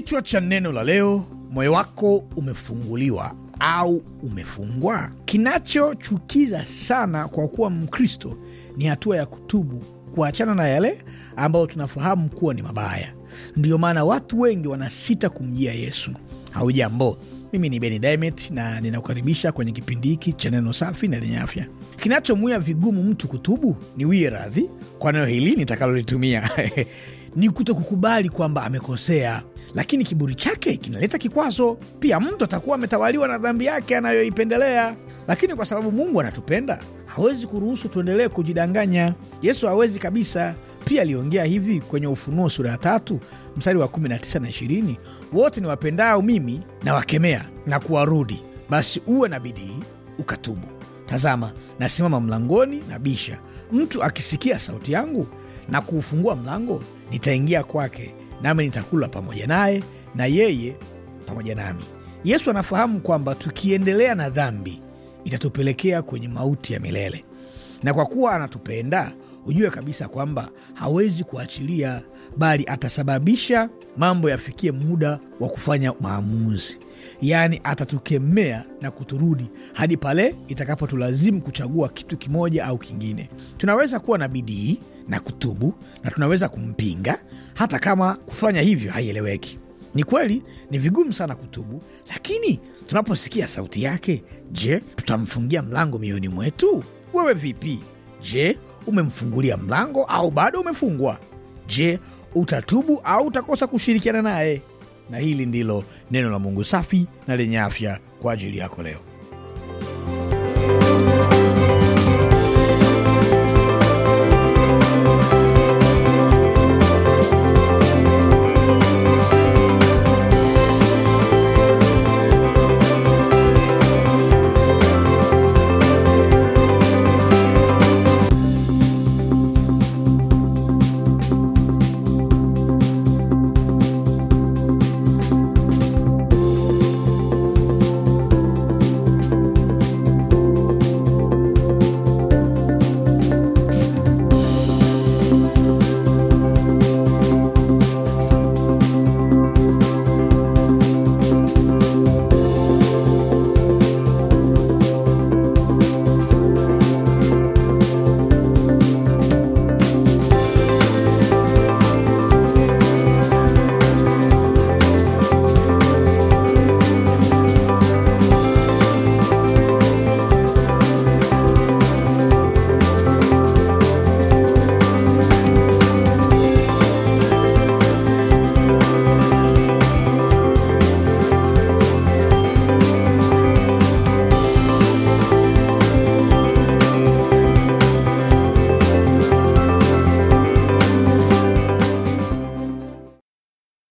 Kichwa cha neno la leo: moyo wako umefunguliwa au umefungwa? Kinachochukiza sana kwa kuwa Mkristo ni hatua ya kutubu, kuachana na yale ambayo tunafahamu kuwa ni mabaya. Ndiyo maana watu wengi wanasita kumjia Yesu. Haujambo, mimi ni Beni Dimet na ninakukaribisha kwenye kipindi hiki cha neno safi na lenye afya. Kinachomwia vigumu mtu kutubu ni wie radhi kwa neno hili nitakalolitumia ni kutokukubali kwamba amekosea, lakini kiburi chake kinaleta kikwazo pia. Mtu atakuwa ametawaliwa na dhambi yake anayoipendelea, lakini kwa sababu Mungu anatupenda hawezi kuruhusu tuendelee kujidanganya. Yesu hawezi kabisa. Pia aliongea hivi kwenye Ufunuo sura ya tatu mstari wa 19 na 20, wote ni wapendao mimi na wakemea na kuwarudi, basi uwe na bidii ukatubu. Tazama, nasimama mlangoni na bisha, mtu akisikia sauti yangu na kuufungua mlango, nitaingia kwake, nami nitakula pamoja naye na yeye pamoja nami. Yesu anafahamu kwamba tukiendelea na dhambi itatupelekea kwenye mauti ya milele na kwa kuwa anatupenda, hujue kabisa kwamba hawezi kuachilia, bali atasababisha mambo yafikie muda wa kufanya maamuzi. Yaani atatukemea na kuturudi hadi pale itakapotulazimu kuchagua kitu kimoja au kingine. Tunaweza kuwa na bidii na kutubu, na tunaweza kumpinga hata kama kufanya hivyo haieleweki. Ni kweli ni vigumu sana kutubu, lakini tunaposikia sauti yake, je, tutamfungia mlango mioyoni mwetu? Wewe vipi? Je, umemfungulia mlango au bado umefungwa? Je, utatubu au utakosa kushirikiana naye? Na hili ndilo neno la Mungu safi na lenye afya kwa ajili yako leo.